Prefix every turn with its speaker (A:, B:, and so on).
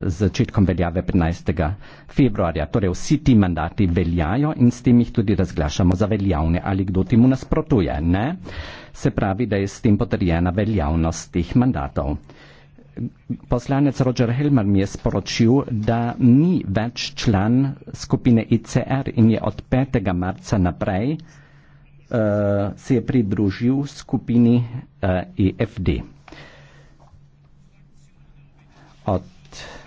A: z začetkom veljave 15. februarja. Torej vsi ti mandati veljajo in s tem jih tudi razglašamo za veljavne. Ali kdo temu nasprotuje? Ne. Se pravi, da je s tem potrjena veljavnost teh mandatov. Poslanec Roger Helmer mi je sporočil, da ni več član skupine ICR in je od 5. marca naprej uh, se je pridružil skupini uh, eh, EFD. Od